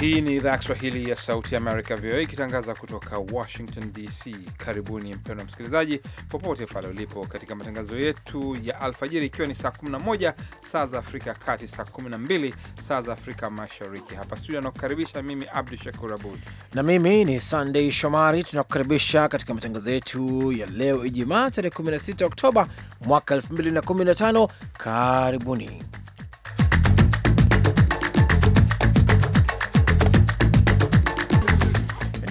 Hii ni idhaa ya Kiswahili ya Sauti Amerika, VOA, ikitangaza kutoka Washington DC. Karibuni mpendwa msikilizaji, popote pale ulipo, katika matangazo yetu ya alfajiri, ikiwa ni saa 11 saa za Afrika ya Kati, saa 12 saa za Afrika Mashariki. Hapa studio anakukaribisha mimi Abdu Shakur Abud na mimi ni Sandei Shomari. Tunakukaribisha katika matangazo yetu ya leo Ijumaa, tarehe 16 Oktoba mwaka 2015. Karibuni.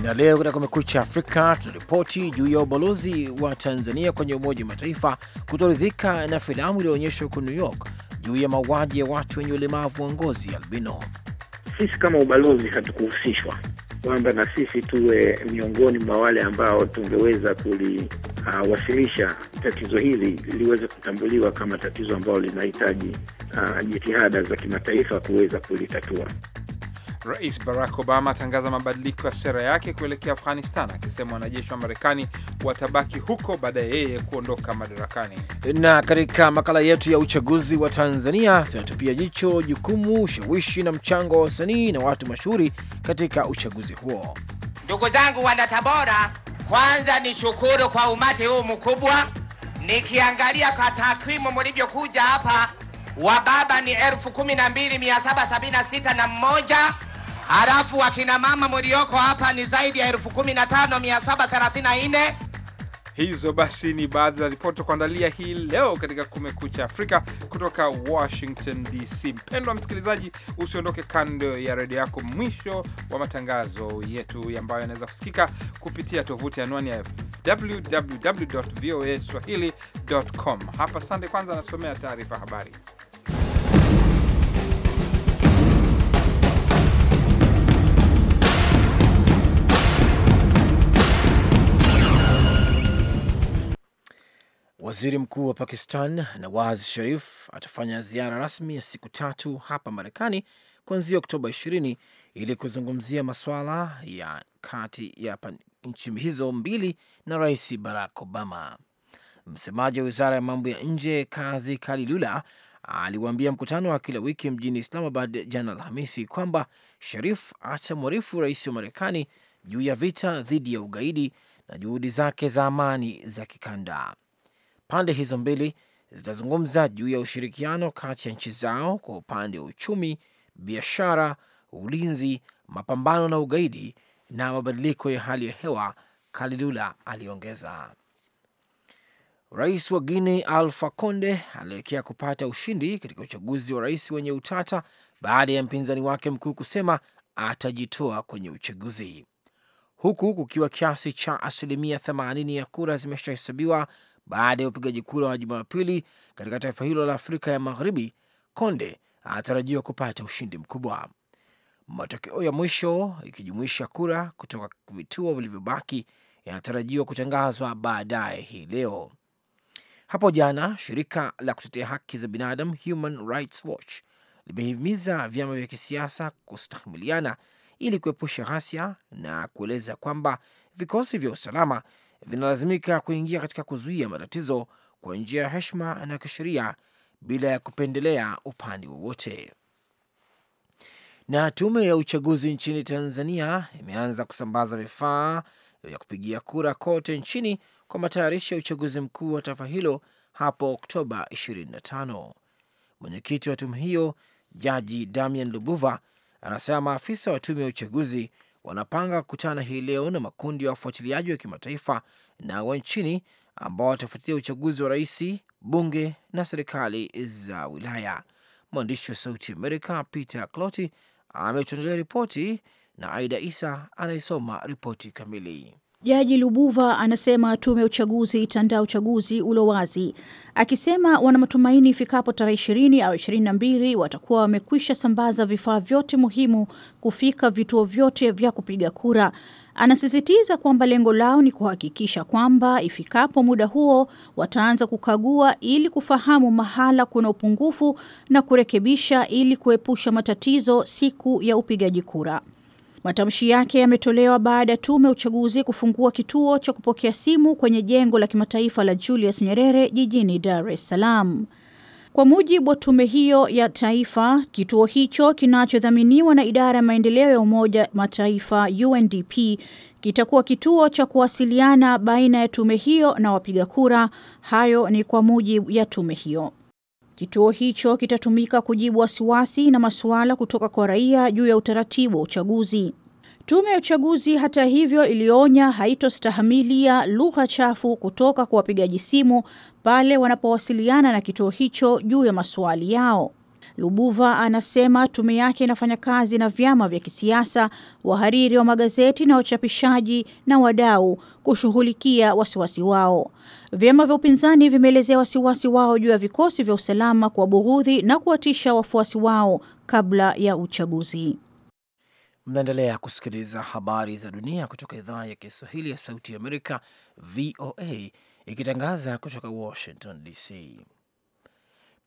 Na leo katika Kumekucha Afrika tunaripoti juu ya ubalozi wa Tanzania kwenye Umoja wa Mataifa kutoridhika na filamu iliyoonyeshwa huko New York juu ya mauaji ya watu wenye ulemavu wa ngozi albino. Sisi kama ubalozi hatukuhusishwa kwamba na sisi tuwe miongoni mwa wale ambao tungeweza kuliwasilisha uh, tatizo hili liweze kutambuliwa kama tatizo ambalo linahitaji uh, jitihada za kimataifa kuweza kulitatua. Rais Barack Obama atangaza mabadiliko ya sera yake kuelekea Afghanistan, akisema wanajeshi wa Marekani watabaki huko baada ya yeye kuondoka madarakani. Na katika makala yetu ya uchaguzi wa Tanzania tunatupia jicho jukumu, ushawishi na mchango wa wasanii na watu mashuhuri katika uchaguzi huo. Ndugu zangu tabora kwanza ni shukuru kwa umati huu mkubwa. Nikiangalia kwa takwimu mlivyokuja hapa, wababa ni elfu kumi na mbili mia saba sabini na sita na mmoja Halafu wakina mama mlioko hapa ni zaidi ya elfu kumi na tano mia saba thelathini na nne. Hizo basi ni baadhi za ripoti kuandalia hii leo katika Kumekucha Afrika kutoka Washington DC. Mpendwa msikilizaji, usiondoke kando ya redio yako, mwisho wa matangazo yetu ambayo yanaweza kusikika kupitia tovuti anwani ya www voa swahili com. Hapa Sande kwanza anasomea taarifa habari. Waziri Mkuu wa Pakistan Nawaz Sharif atafanya ziara rasmi ya siku tatu hapa Marekani kuanzia Oktoba 20 ili kuzungumzia masuala ya kati ya nchi hizo mbili na Rais Barack Obama. Msemaji wa wizara ya mambo ya nje Kazi Kalilula aliwaambia mkutano wa kila wiki mjini Islamabad jana Alhamisi kwamba Sharif atamwarifu rais wa Marekani juu ya vita dhidi ya ugaidi na juhudi zake za amani za kikanda. Pande hizo mbili zitazungumza juu ya ushirikiano kati ya nchi zao kwa upande wa uchumi, biashara, ulinzi, mapambano na ugaidi na mabadiliko ya hali ya hewa, Kalilula aliongeza. Rais wa guine Alfa Conde alielekea kupata ushindi katika uchaguzi wa rais wenye utata baada ya mpinzani wake mkuu kusema atajitoa kwenye uchaguzi, huku kukiwa kiasi cha asilimia 80 ya kura zimeshahesabiwa baada ya upigaji kura wa Jumapili katika taifa hilo la Afrika ya Magharibi. Konde anatarajiwa kupata ushindi mkubwa. Matokeo ya mwisho ikijumuisha kura kutoka vituo vilivyobaki yanatarajiwa kutangazwa baadaye hii leo. Hapo jana shirika la kutetea haki za binadamu Human Rights Watch limehimiza vyama vya kisiasa kustahimiliana ili kuepusha ghasia na kueleza kwamba vikosi vya usalama vinalazimika kuingia katika kuzuia matatizo kwa njia ya heshima na kisheria bila ya kupendelea upande wowote. Na tume ya uchaguzi nchini Tanzania imeanza kusambaza vifaa vya kupigia kura kote nchini kwa matayarisho ya uchaguzi mkuu wa taifa hilo hapo Oktoba 25. Mwenyekiti wa tume hiyo Jaji Damian Lubuva anasema maafisa wa tume ya uchaguzi wanapanga kukutana hii leo na makundi ya wafuatiliaji wa kimataifa na wa nchini ambao watafuatilia uchaguzi wa rais, bunge na serikali za wilaya. Mwandishi wa Sauti Amerika Peter Cloti ametuandalia ripoti na Aida Isa anayesoma ripoti kamili. Jaji Lubuva anasema tume ya uchaguzi itandaa uchaguzi ulo wazi, akisema wana matumaini ifikapo tarehe ishirini au ishirini na mbili watakuwa wamekwisha sambaza vifaa vyote muhimu kufika vituo vyote vya kupiga kura. Anasisitiza kwamba lengo lao ni kuhakikisha kwamba ifikapo muda huo wataanza kukagua ili kufahamu mahala kuna upungufu na kurekebisha ili kuepusha matatizo siku ya upigaji kura. Matamshi yake yametolewa baada ya tume ya uchaguzi kufungua kituo cha kupokea simu kwenye jengo la kimataifa la Julius Nyerere jijini Dar es Salaam. Kwa mujibu wa tume hiyo ya taifa, kituo hicho kinachodhaminiwa na idara ya maendeleo ya Umoja Mataifa UNDP kitakuwa kituo cha kuwasiliana baina ya tume hiyo na wapiga kura. Hayo ni kwa mujibu ya tume hiyo. Kituo hicho kitatumika kujibu wasiwasi na masuala kutoka kwa raia juu ya utaratibu wa uchaguzi. Tume ya uchaguzi hata hivyo ilionya haitostahamilia lugha chafu kutoka kwa wapigaji simu pale wanapowasiliana na kituo hicho juu ya maswali yao. Lubuva anasema tume yake inafanya kazi na vyama vya kisiasa, wahariri wa magazeti na wachapishaji na wadau kushughulikia wasiwasi wao. Vyama vya upinzani vimeelezea wasiwasi wao juu ya vikosi vya usalama kuwabughudhi na kuwatisha wafuasi wao kabla ya uchaguzi. Mnaendelea kusikiliza habari za dunia kutoka idhaa ya Kiswahili ya Sauti ya Amerika, VOA, ikitangaza kutoka Washington DC.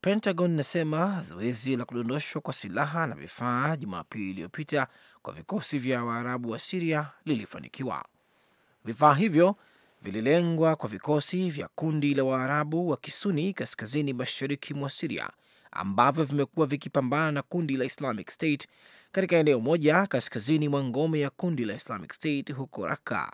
Pentagon inasema zoezi la kudondoshwa kwa silaha na vifaa Jumapili iliyopita kwa vikosi vya Waarabu wa Siria lilifanikiwa. Vifaa hivyo vililengwa kwa vikosi vya kundi la Waarabu wa Kisuni kaskazini mashariki mwa Siria ambavyo vimekuwa vikipambana na kundi la Islamic State katika eneo moja kaskazini mwa ngome ya kundi la Islamic State huko Raka.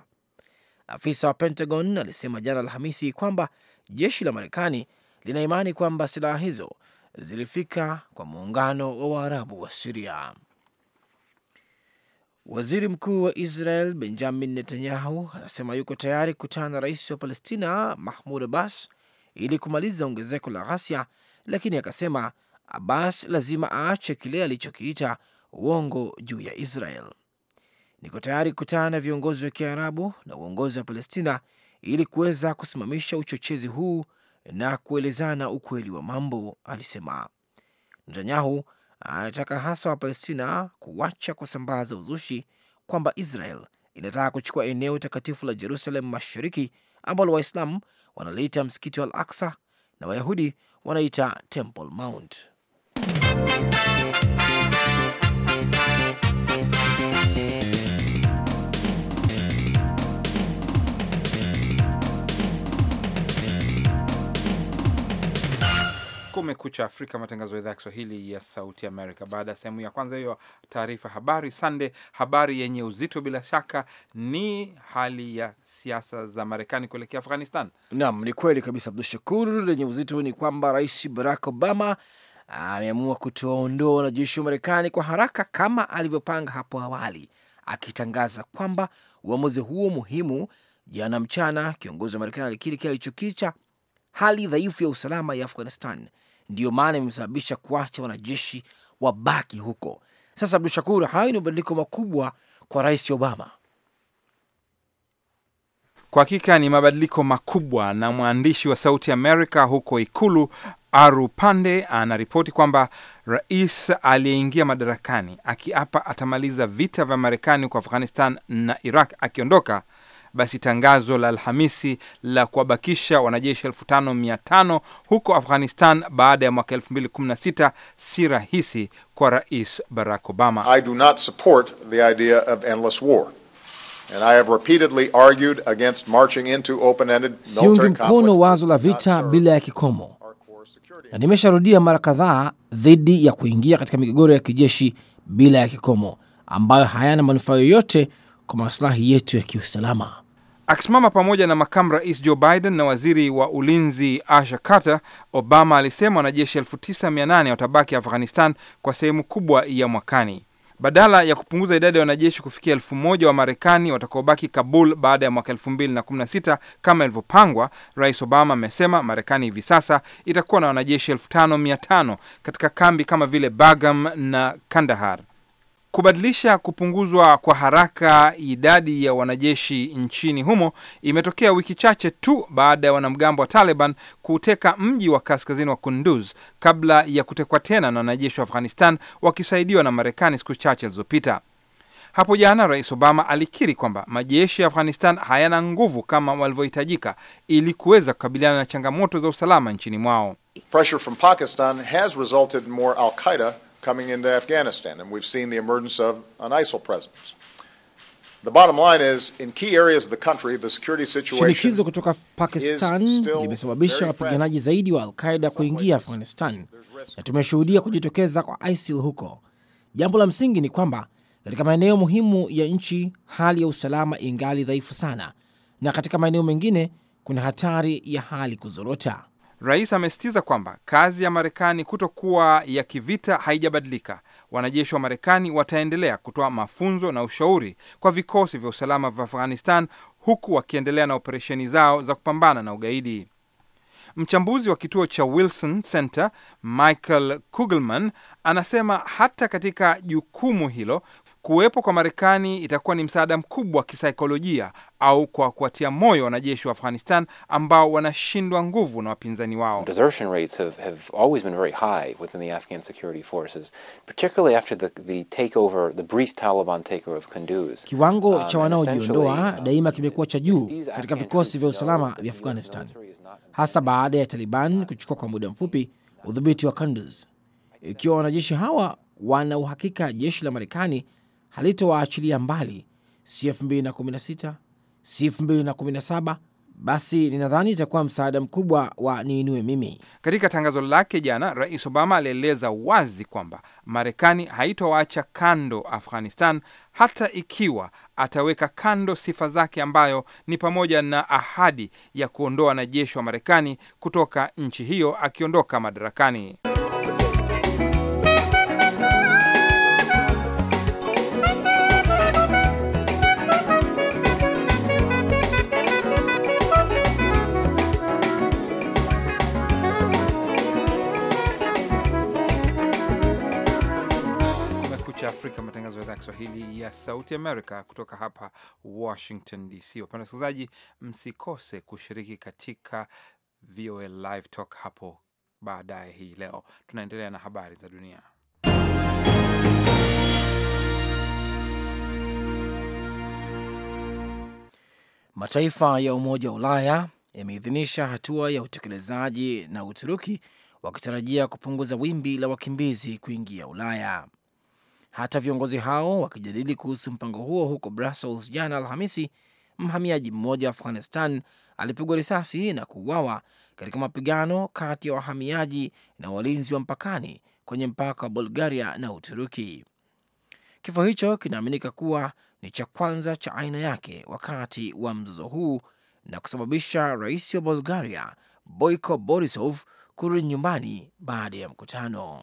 Afisa wa Pentagon alisema jana Alhamisi kwamba jeshi la Marekani lina imani kwamba silaha hizo zilifika kwa muungano wa Waarabu wa Siria. Waziri mkuu wa Israel Benjamin Netanyahu anasema yuko tayari kukutana na rais wa Palestina Mahmud Abbas ili kumaliza ongezeko la ghasia, lakini akasema Abbas lazima aache kile alichokiita uongo juu ya Israel. Niko tayari kukutana na viongozi wa Kiarabu na uongozi wa Palestina ili kuweza kusimamisha uchochezi huu na kuelezana ukweli wa mambo, alisema. Netanyahu anataka hasa Wapalestina kuacha kusambaza uzushi kwamba Israel inataka kuchukua eneo takatifu la Jerusalem Mashariki ambalo Waislamu wanaliita msikiti wa Al Aksa na Wayahudi wanaita Temple Mount. Kumekucha Afrika, matangazo ya idhaa ya Kiswahili ya Sauti Amerika. Baada ya sehemu ya kwanza hiyo taarifa habari sande, habari yenye uzito bila shaka ni hali ya siasa za Marekani kuelekea Afghanistan. Naam, ni kweli kabisa Abdu Shakur, lenye uzito ni kwamba Rais Barack Obama ameamua kutoondoa wanajeshi wa Marekani kwa haraka kama alivyopanga hapo awali, akitangaza kwamba uamuzi huo muhimu. Jana mchana, kiongozi wa Marekani alikiri kile alichokicha hali dhaifu ya usalama ya Afghanistan ndiyo maana imesababisha kuacha wanajeshi wabaki huko. Sasa Abdu Shakur, hayo ni mabadiliko makubwa kwa Rais Obama. Kwa hakika ni mabadiliko makubwa, na mwandishi wa Sauti Amerika huko Ikulu Aru Pande anaripoti kwamba rais aliyeingia madarakani akiapa atamaliza vita vya Marekani huko Afghanistan na Iraq akiondoka basi tangazo la Alhamisi la kuwabakisha wanajeshi 5500 huko Afghanistan baada ya mwaka 216 si rahisi kwa Rais Barack Obama. I do not support the idea of endless war. Siungi mkono wazo la vita bila ya kikomo, na nimesharudia mara kadhaa dhidi ya kuingia katika migogoro ya kijeshi bila ya kikomo ambayo hayana manufaa yoyote kwa maslahi yetu ya kiusalama. Akisimama pamoja na makamu rais Joe Biden na waziri wa ulinzi Asha Carter, Obama alisema wanajeshi 9800 watabaki Afghanistan kwa sehemu kubwa ya mwakani. Badala ya kupunguza idadi ya wanajeshi kufikia elfu moja wa Marekani watakaobaki Kabul baada ya mwaka sita kama ilivyopangwa, Rais Obama amesema Marekani hivi sasa itakuwa na wanajeshi tano katika kambi kama vile Bagam na Kandahar. Kubadilisha kupunguzwa kwa haraka idadi ya wanajeshi nchini humo imetokea wiki chache tu baada ya wanamgambo wa Taliban kuteka mji wa kaskazini wa Kunduz kabla ya kutekwa tena na wanajeshi wa Afghanistan wakisaidiwa na Marekani siku chache zilizopita. Hapo jana Rais Obama alikiri kwamba majeshi ya Afghanistan hayana nguvu kama walivyohitajika ili kuweza kukabiliana na changamoto za usalama nchini mwao. Pressure from Pakistan has resulted in more al-Qaeda coming into Afghanistan, and we've seen the emergence of an ISIL presence. The bottom line is, in key areas of the country, the security situation shinikizo kutoka Pakistan limesababisha wapiganaji zaidi wa alqaida kuingia Afghanistan na tumeshuhudia kujitokeza kwa ISIL huko. Jambo la msingi ni kwamba katika maeneo muhimu ya nchi hali ya usalama ingali dhaifu sana, na katika maeneo mengine kuna hatari ya hali kuzorota. Rais amesisitiza kwamba kazi ya Marekani kutokuwa ya kivita haijabadilika. Wanajeshi wa Marekani wataendelea kutoa mafunzo na ushauri kwa vikosi vya usalama vya Afghanistan huku wakiendelea na operesheni zao za kupambana na ugaidi. Mchambuzi wa kituo cha Wilson Center Michael Kugelman anasema hata katika jukumu hilo Kuwepo kwa Marekani itakuwa ni msaada mkubwa wa kisaikolojia au kwa kuwatia moyo wanajeshi wa Afghanistan ambao wanashindwa nguvu na wapinzani wao. Kiwango um, cha wanaojiondoa um, daima kimekuwa cha juu katika vikosi vya usalama vya Afghanistan, hasa baada ya Taliban kuchukua kwa muda mfupi udhibiti wa Kunduz. Ikiwa wanajeshi hawa wana uhakika jeshi la Marekani halitowaachilia mbali, si 2016 si 2017 basi ninadhani itakuwa msaada mkubwa wa niinue mimi. Katika tangazo lake jana, Rais Obama alieleza wazi kwamba Marekani haitowaacha kando Afghanistan, hata ikiwa ataweka kando sifa zake, ambayo ni pamoja na ahadi ya kuondoa wanajeshi wa Marekani kutoka nchi hiyo akiondoka madarakani. Kiswahili ya Sauti Amerika kutoka hapa Washington DC. Wapenda wasikilizaji, msikose kushiriki katika VOA Live Talk hapo baadaye hii leo. Tunaendelea na habari za dunia. Mataifa ya Umoja wa Ulaya yameidhinisha hatua ya utekelezaji na Uturuki wakitarajia kupunguza wimbi la wakimbizi kuingia Ulaya. Hata viongozi hao wakijadili kuhusu mpango huo huko Brussels jana Alhamisi, mhamiaji mmoja wa Afghanistan alipigwa risasi na kuuawa katika mapigano kati ya wahamiaji na walinzi wa mpakani kwenye mpaka wa Bulgaria na Uturuki. Kifo hicho kinaaminika kuwa ni cha kwanza cha aina yake wakati wa mzozo huu na kusababisha rais wa Bulgaria Boiko Borisov kurudi nyumbani baada ya mkutano.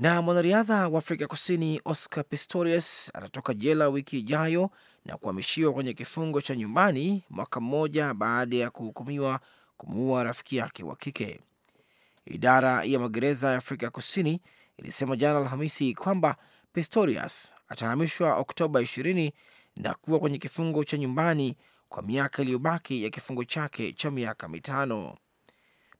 Na mwanariadha wa Afrika Kusini Oscar Pistorius atatoka jela wiki ijayo na kuhamishiwa kwenye kifungo cha nyumbani mwaka mmoja baada ya kuhukumiwa kumuua rafiki yake wa kike. Idara ya magereza ya Afrika Kusini ilisema jana Alhamisi kwamba Pistorius atahamishwa Oktoba 20 na kuwa kwenye kifungo cha nyumbani kwa miaka iliyobaki ya kifungo chake cha miaka mitano.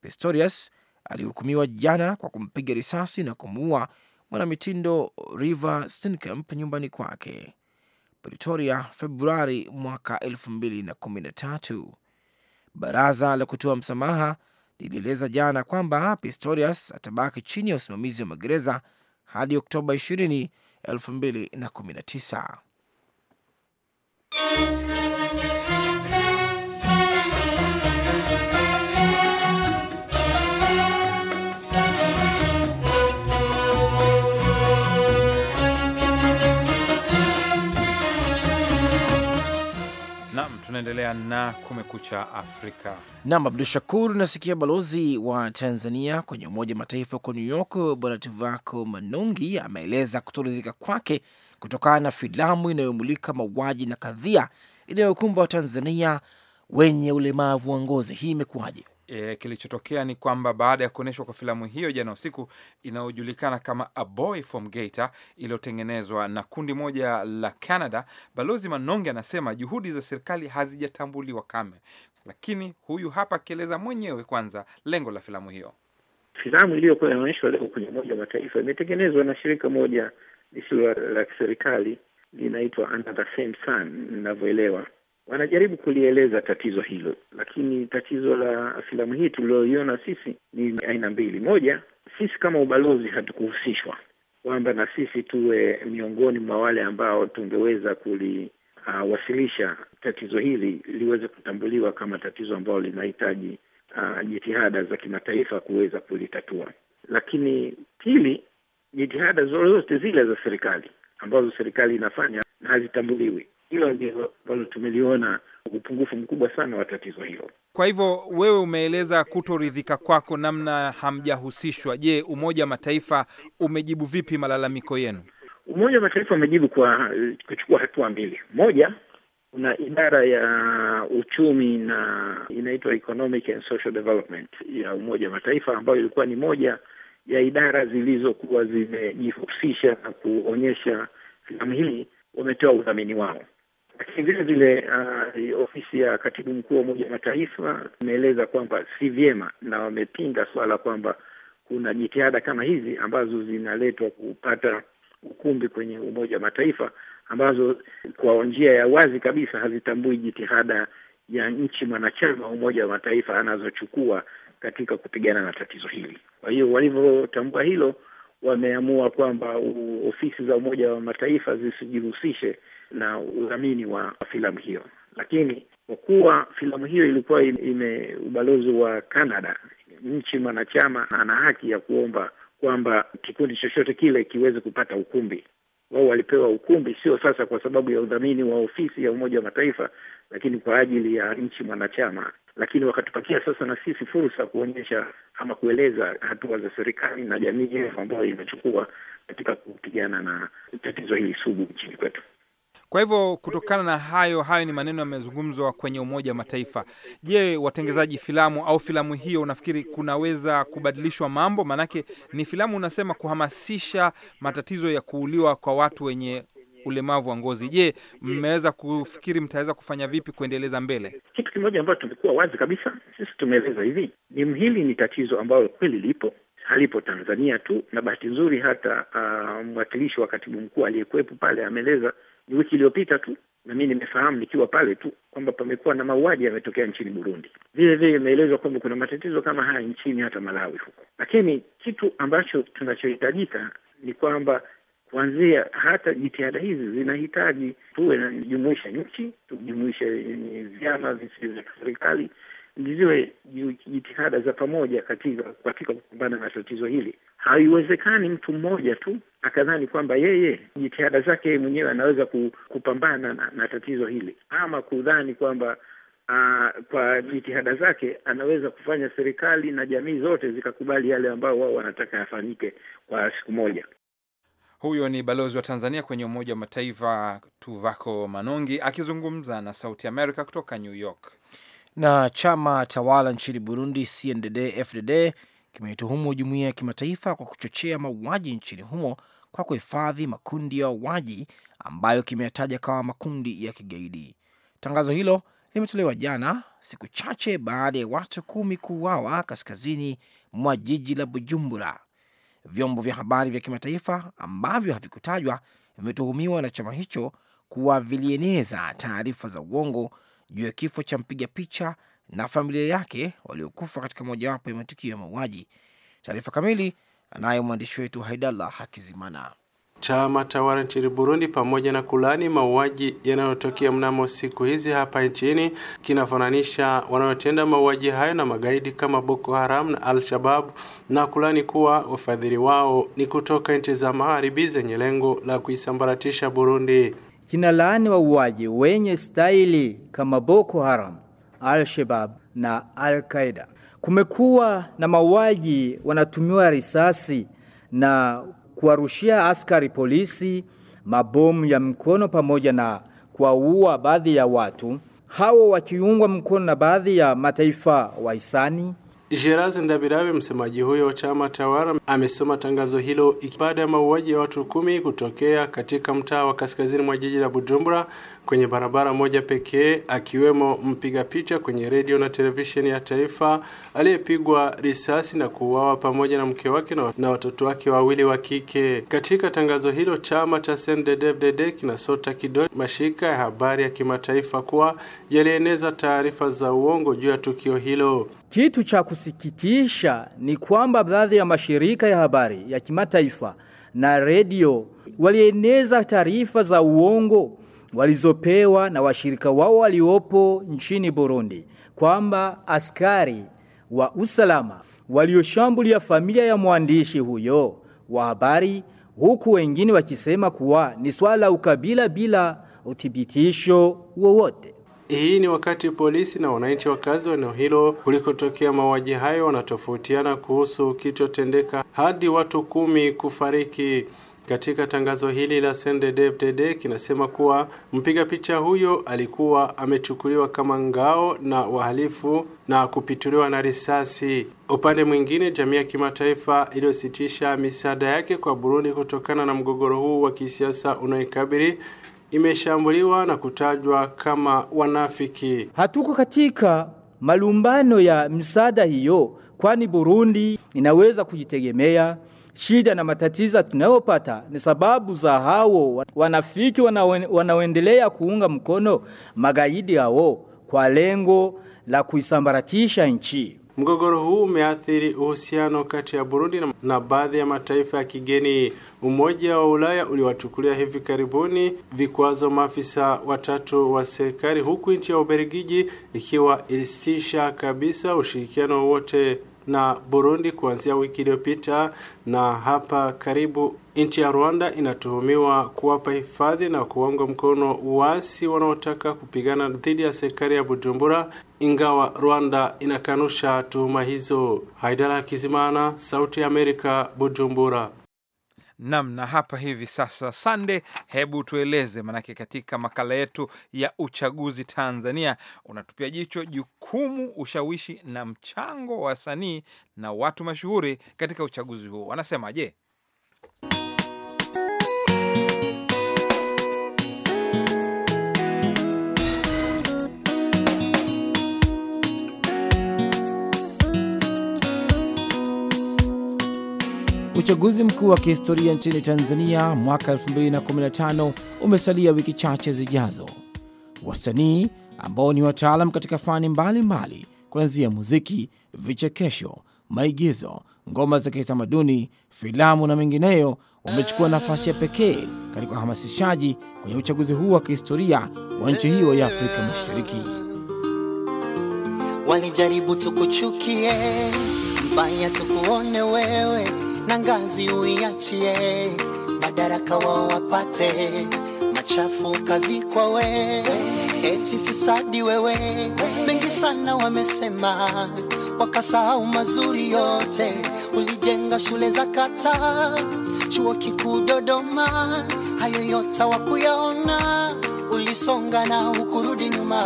Pistorius alihukumiwa jana kwa kumpiga risasi na kumuua mwanamitindo Reeva Steenkamp nyumbani kwake Pretoria Februari mwaka 2013. Baraza la kutoa msamaha lilieleza jana kwamba Pistorius atabaki chini ya usimamizi wa magereza hadi Oktoba 20, 2019. tunaendelea na Kumekucha Afrika nam Abdu Shakur. Nasikia balozi wa Tanzania kwenye Umoja Mataifa huko New York, Bwana Tuvako Manungi ameeleza kutoridhika kwake kutokana na filamu inayomulika mauaji na kadhia inayokumba Watanzania wenye ulemavu wa ngozi. Hii imekuwaje? E, kilichotokea ni kwamba baada ya kuonyeshwa kwa filamu hiyo jana usiku inayojulikana kama A Boy From Gator iliyotengenezwa na kundi moja la Canada, Balozi Manonge anasema juhudi za serikali hazijatambuliwa kame, lakini huyu hapa akieleza mwenyewe kwanza lengo la filamu hiyo. Filamu iliyokuwa inaonyeshwa leo kwenye Umoja wa Mataifa imetengenezwa na shirika moja lisilo la kiserikali linaitwa Under the Same Sun, ninavyoelewa wanajaribu kulieleza tatizo hilo, lakini tatizo la filamu hii tulioiona sisi ni aina mbili. Moja, sisi kama ubalozi hatukuhusishwa kwamba na sisi tuwe miongoni mwa wale ambao tungeweza kuliwasilisha uh, tatizo hili liweze kutambuliwa kama tatizo ambalo linahitaji uh, jitihada za kimataifa kuweza kulitatua. Lakini pili, jitihada zozote zile za serikali ambazo serikali inafanya na hazitambuliwi hilo ndilo ambalo tumeliona upungufu mkubwa sana wa tatizo hilo. Kwa hivyo wewe umeeleza kutoridhika kwako namna hamjahusishwa. Je, Umoja wa Mataifa umejibu vipi malalamiko yenu? Umoja wa Mataifa umejibu kwa eh, kuchukua hatua mbili. Moja, kuna idara ya uchumi na inaitwa Economic and Social Development ya Umoja wa Mataifa ambayo ilikuwa ni moja ya idara zilizokuwa zimejihusisha na kuonyesha filamu hii, wametoa udhamini wao lakini vile vile uh, ofisi ya katibu mkuu wa Umoja wa Mataifa imeeleza kwamba si vyema na wamepinga suala kwamba kuna jitihada kama hizi ambazo zinaletwa kupata ukumbi kwenye Umoja wa Mataifa ambazo kwa njia ya wazi kabisa hazitambui jitihada ya nchi mwanachama wa Umoja wa Mataifa anazochukua katika kupigana na tatizo hili. Kwa hiyo walivyotambua hilo, wameamua kwamba ofisi za Umoja wa Mataifa zisijihusishe na udhamini wa filamu hiyo, lakini kwa kuwa filamu hiyo ilikuwa ime ubalozi wa Canada, nchi mwanachama ana haki ya kuomba kwamba kikundi chochote kile kiweze kupata ukumbi. Wao walipewa ukumbi, sio sasa kwa sababu ya udhamini wa ofisi ya Umoja wa Mataifa, lakini kwa ajili ya nchi mwanachama. Lakini wakatupatia sasa na sisi fursa kuonyesha ama kueleza hatua za serikali na jamii yetu ambayo imechukua katika kupigana na tatizo hili sugu nchini kwetu. Kwa hivyo kutokana na hayo, hayo ni maneno yamezungumzwa kwenye Umoja wa Mataifa. Je, watengezaji filamu au filamu hiyo unafikiri kunaweza kubadilishwa mambo? Maanake ni filamu unasema kuhamasisha matatizo ya kuuliwa kwa watu wenye ulemavu wa ngozi. Je, mmeweza kufikiri mtaweza kufanya vipi kuendeleza mbele? Kitu kimoja ambayo tumekuwa wazi kabisa sisi tumeeleza hivi, ni hili ni tatizo ambalo kweli lipo halipo Tanzania tu, na bahati nzuri hata uh, mwakilishi wa katibu mkuu aliyekuwepo pale ameeleza ni wiki iliyopita tu, na mimi nimefahamu nikiwa pale tu kwamba pamekuwa na mauaji yametokea nchini Burundi. Vile vile imeelezwa kwamba kuna matatizo kama haya nchini hata Malawi huko, lakini kitu ambacho tunachohitajika ni kwamba kuanzia hata jitihada hizi zinahitaji tuwe na jumuisha nchi, tujumuishe eh, vyama visivyo vya kiserikali ziwe jitihada za pamoja katika katika kupambana na tatizo hili. Haiwezekani mtu mmoja tu akadhani kwamba yeye jitihada zake yeye mwenyewe anaweza kupambana na, na tatizo hili ama kudhani kwamba Uh, kwa jitihada zake anaweza kufanya serikali na jamii zote zikakubali yale ambayo wao wanataka yafanyike kwa siku moja. Huyo ni balozi wa Tanzania kwenye Umoja wa Mataifa Tuvako Manongi akizungumza na Sauti Amerika kutoka New York. Na chama tawala nchini Burundi CNDD-FDD kimetuhumu jumuiya ya kimataifa kwa kuchochea mauaji nchini humo kwa kuhifadhi makundi ya wauaji ambayo kimeyataja kama makundi ya kigaidi. Tangazo hilo limetolewa jana, siku chache baada ya watu kumi kuuawa kaskazini mwa jiji la Bujumbura. Vyombo vya habari vya kimataifa ambavyo havikutajwa vimetuhumiwa na chama hicho kuwa vilieneza taarifa za uongo juu ya kifo cha mpiga picha na familia yake waliokufa katika mojawapo ya matukio ya mauaji. Taarifa kamili anayo mwandishi wetu Haidallah Hakizimana. Chama tawala nchini Burundi pamoja na kulani mauaji yanayotokea mnamo siku hizi hapa nchini kinafananisha wanayotenda mauaji hayo na magaidi kama Boko Haram na Al-Shabab na kulani kuwa wafadhili wao ni kutoka nchi za magharibi zenye lengo la kuisambaratisha Burundi kinalaani wauaji wenye staili kama Boko Haram, Al-Shabab na Al-Qaeda. Kumekuwa na mauaji, wanatumiwa risasi na kuwarushia askari polisi mabomu ya mkono pamoja na kuwaua baadhi ya watu hao wakiungwa mkono na baadhi ya mataifa wahisani Gerase Ndabirawe, msemaji huyo wa chama tawala, amesoma tangazo hilo baada ya mauaji ya watu kumi kutokea katika mtaa wa kaskazini mwa jiji la Bujumbura kwenye barabara moja pekee, akiwemo mpiga picha kwenye redio na televisheni ya taifa aliyepigwa risasi na kuuawa pamoja na mke wake na watoto wake wawili wa kike. Katika tangazo hilo, chama cha CNDD-FDD kinasota kidole mashirika ya habari ya kimataifa kuwa yalieneza taarifa za uongo juu ya tukio hilo. Kitu cha kusikitisha ni kwamba baadhi ya mashirika ya habari ya kimataifa na redio walieneza taarifa za uongo walizopewa na washirika wao waliopo nchini Burundi kwamba askari wa usalama walioshambulia familia ya mwandishi huyo wa habari huku wengine wakisema kuwa ni swala ukabila bila uthibitisho wowote. Hii ni wakati polisi na wananchi wakazi wa eneo hilo kulikotokea mauaji hayo wanatofautiana kuhusu kilichotendeka hadi watu kumi kufariki. Katika tangazo hili la CNDD-FDD kinasema kuwa mpiga picha huyo alikuwa amechukuliwa kama ngao na wahalifu na kupituliwa na risasi. Upande mwingine, jamii ya kimataifa iliyositisha misaada yake kwa Burundi kutokana na mgogoro huu wa kisiasa unaoikabili imeshambuliwa na kutajwa kama wanafiki. Hatuko katika malumbano ya msaada hiyo, kwani Burundi inaweza kujitegemea. Shida na matatizo tunayopata ni sababu za hao wanafiki wanaoendelea kuunga mkono magaidi hao kwa lengo la kuisambaratisha nchi. Mgogoro huu umeathiri uhusiano kati ya Burundi na baadhi ya mataifa ya kigeni. Umoja wa Ulaya uliwachukulia hivi karibuni vikwazo maafisa watatu wa serikali, huku nchi ya Ubelgiji ikiwa ilisisha kabisa ushirikiano wote na Burundi kuanzia wiki iliyopita. Na hapa karibu nchi ya Rwanda inatuhumiwa kuwapa hifadhi na kuwaunga mkono waasi wanaotaka kupigana dhidi ya serikali ya Bujumbura ingawa Rwanda inakanusha tuhuma hizo. Haidara Kizimana, Sauti ya Amerika, Bujumbura. Nam, na hapa hivi sasa, Sande, hebu tueleze, maanake katika makala yetu ya uchaguzi Tanzania unatupia jicho jukumu, ushawishi na mchango wa wasanii na watu mashuhuri katika uchaguzi huo, wanasemaje? Uchaguzi mkuu wa kihistoria nchini Tanzania mwaka 2015 umesalia wiki chache zijazo. Wasanii ambao ni wataalam katika fani mbalimbali kuanzia muziki, vichekesho, maigizo, ngoma za kitamaduni, filamu na mengineyo wamechukua nafasi ya pekee katika uhamasishaji kwenye uchaguzi huu wa kihistoria wa nchi hiyo ya Afrika Mashariki. Walijaribu tukuchukie, mbaya tukuone wewe na ngazi uiachie, madaraka wapate, machafu kavikwa we, eti fisadi wewe, mengi sana wamesema, wakasahau mazuri yote ulijenga, shule za kata, chuo kikuu Dodoma, hayo yote wakuyaona, ulisonga na hukurudi nyuma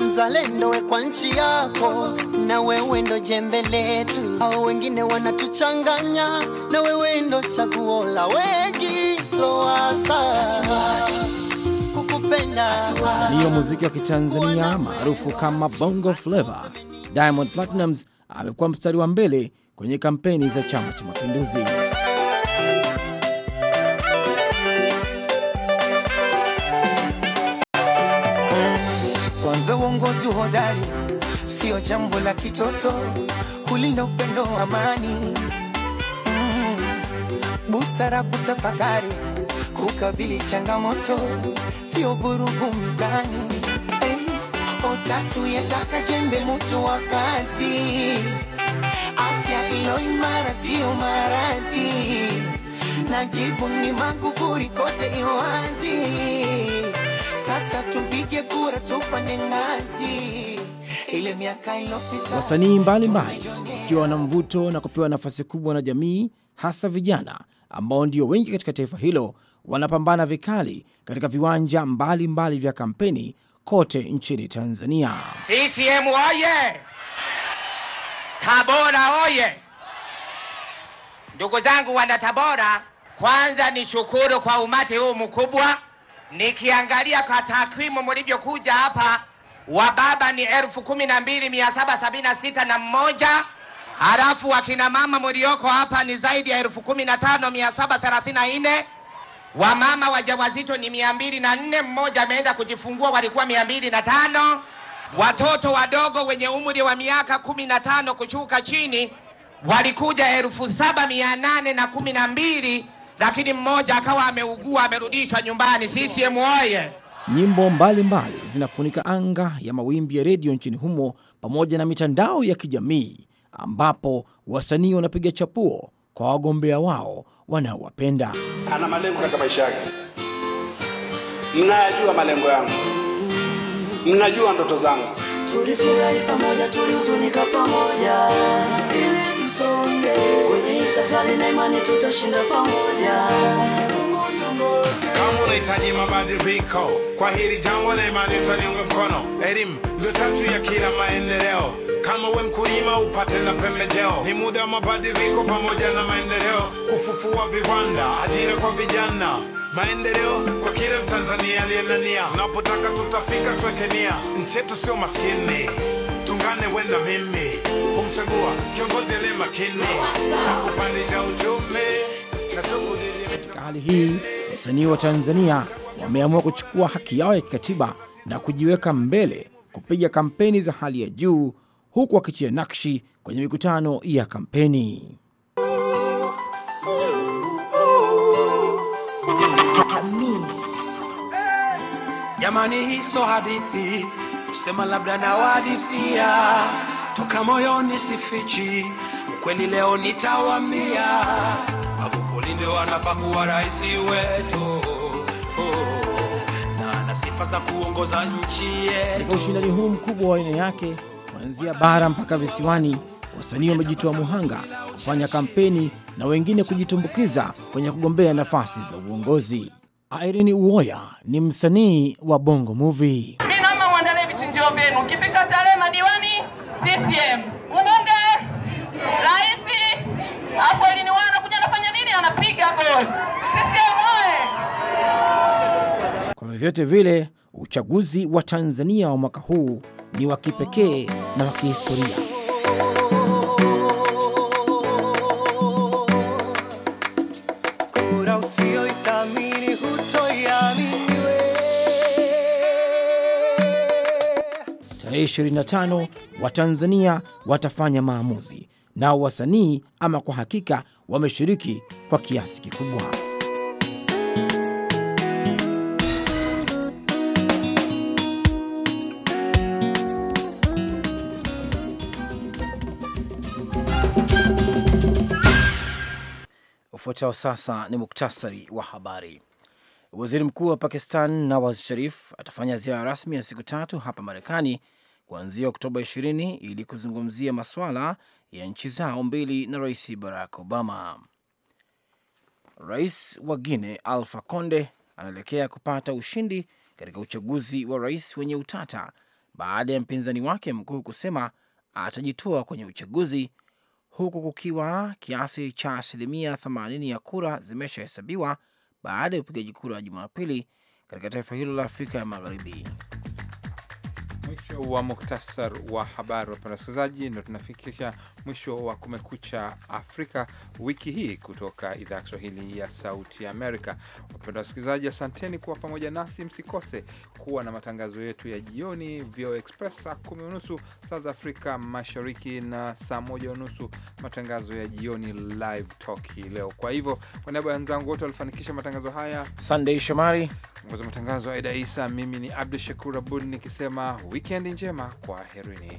mzalendo we kwa nchi yako, na wewe ndo jembe letu. Hao wengine wanatuchanganya, na wewe ndo chaguo la wengi. Lowassa kukupenda. Msanii wa muziki wa Kitanzania maarufu kama Bongo Flava, Diamond Platnumz amekuwa mstari wa mbele kwenye kampeni za Chama cha Mapinduzi. kwanza uongozi hodari sio jambo la kitoto, kulinda upendo, amani, mm, busara, kutafakari, kukabili changamoto, sio vurugu mtani Hey, Otatu yataka jembe, mtu wa kazi, afya ilo imara, sio maradhi, na jibu ni magufuri kote iwazi sasa tupige kura ngazi ile miaka iliyopita. Wasanii mbalimbali wakiwa wana mvuto na kupewa nafasi kubwa na jamii, hasa vijana ambao ndio wengi katika taifa hilo, wanapambana vikali katika viwanja mbalimbali mbali vya kampeni kote nchini Tanzania. CCM oye! Tabora oye! Ndugu zangu wana Tabora, kwanza ni shukuru kwa umati huu mkubwa Nikiangalia kwa takwimu mlivyokuja hapa, wababa ni elfu kumi na mbili mia saba sabini na sita na mmoja halafu wakinamama mlioko hapa ni zaidi ya elfu kumi na tano mia saba thelathini na nne wamama wajawazito ni mia mbili na nne mmoja ameenda kujifungua, walikuwa mia mbili na tano Watoto wadogo wenye umri wa miaka kumi na tano kushuka chini walikuja elfu saba mia nane na kumi na mbili lakini mmoja akawa ameugua amerudishwa nyumbani. CCM oye! Nyimbo mbalimbali mbali zinafunika anga ya mawimbi ya redio nchini humo pamoja na mitandao ya kijamii ambapo wasanii wanapiga chapuo kwa wagombea wao wanaowapenda. Ana malengo katika maisha yake, mnayajua malengo yangu, mnajua ndoto zangu. Tulifurahi pamoja, tulihuzunika pamoja tusonge kwenye hii safari, na imani tutashinda pamoja. unahitaji mabadiliko kwa hili jambo, na imani utaliunga mkono. Elimu ndio tatu ya kila maendeleo. Kama we mkulima upate na pembejeo, ni muda wa mabadiliko pamoja na maendeleo, kufufua viwanda, ajira kwa vijana maendeleo kwa kila Mtanzania aliyenania. Unapotaka tutafika, twekenia nchi sio maskini, tungane we na mimi kumchagua kiongozi aliye makini na kupandisha uchumi na shughuli. Katika hali hii, wasanii wa Tanzania wameamua kuchukua haki yao ya kikatiba na kujiweka mbele kupiga kampeni za hali ya juu, huku wakichia nakshi kwenye mikutano ya kampeni. Jamani, hadithi kusema labda toka moyo nisifichi ukweli leo nitawamia Magufuli ndio anafaa kuwa rais wetu oh, na ana kuongoza nchi yetu. Katika ushindani huu mkubwa wa aina yake, kuanzia bara mpaka visiwani, wasanii wamejitoa muhanga kufanya kampeni na wengine kujitumbukiza kwenye kugombea nafasi za uongozi. Irene uoya ni msanii wa Bongo Movie. Mimi naomba muandalie vichinjio vyenu, ukifika tarehe madiwani CCM. Mbunge rais hapo iliniwa anakuja anafanya nini? Anapiga goli. CCM oye! Kwa vyovyote vile uchaguzi wa Tanzania wa mwaka huu ni wa kipekee na wa kihistoria. 25 wa Tanzania watafanya maamuzi, nao wasanii ama kwa hakika wameshiriki kwa kiasi kikubwa. Ufuatao sasa ni muktasari wa habari. Waziri Mkuu wa Pakistan Nawaz Sharif atafanya ziara rasmi ya siku tatu hapa Marekani kuanzia Oktoba 20 ili kuzungumzia masuala ya nchi zao mbili na Rais Barack Obama. Rais wa Guine alfa Conde anaelekea kupata ushindi katika uchaguzi wa rais wenye utata baada ya mpinzani wake mkuu kusema atajitoa kwenye uchaguzi huku kukiwa kiasi cha asilimia 80 ya kura zimeshahesabiwa baada ya upigaji kura Jumapili katika taifa hilo la Afrika ya Magharibi. Mwisho wa muktasar wa habari, wapenda wasikilizaji, ndo tunafikisha mwisho wa Kumekucha Afrika wiki hii kutoka idhaa ya Kiswahili ya Sauti ya Amerika. Wapenda wasikilizaji, asanteni kuwa pamoja nasi, msikose kuwa na matangazo yetu ya jioni, VOA Express saa kumi unusu saa za Afrika Mashariki na saa moja unusu matangazo ya jioni Live Talk hii leo. Kwa hivyo, kwa niaba ya wenzangu wote walifanikisha matangazo haya, Sandei Shomari ongoza matangazo, Aida Isa, mimi ni Abdu Shakur Abud nikisema Wikendi njema, kwa kwaherini.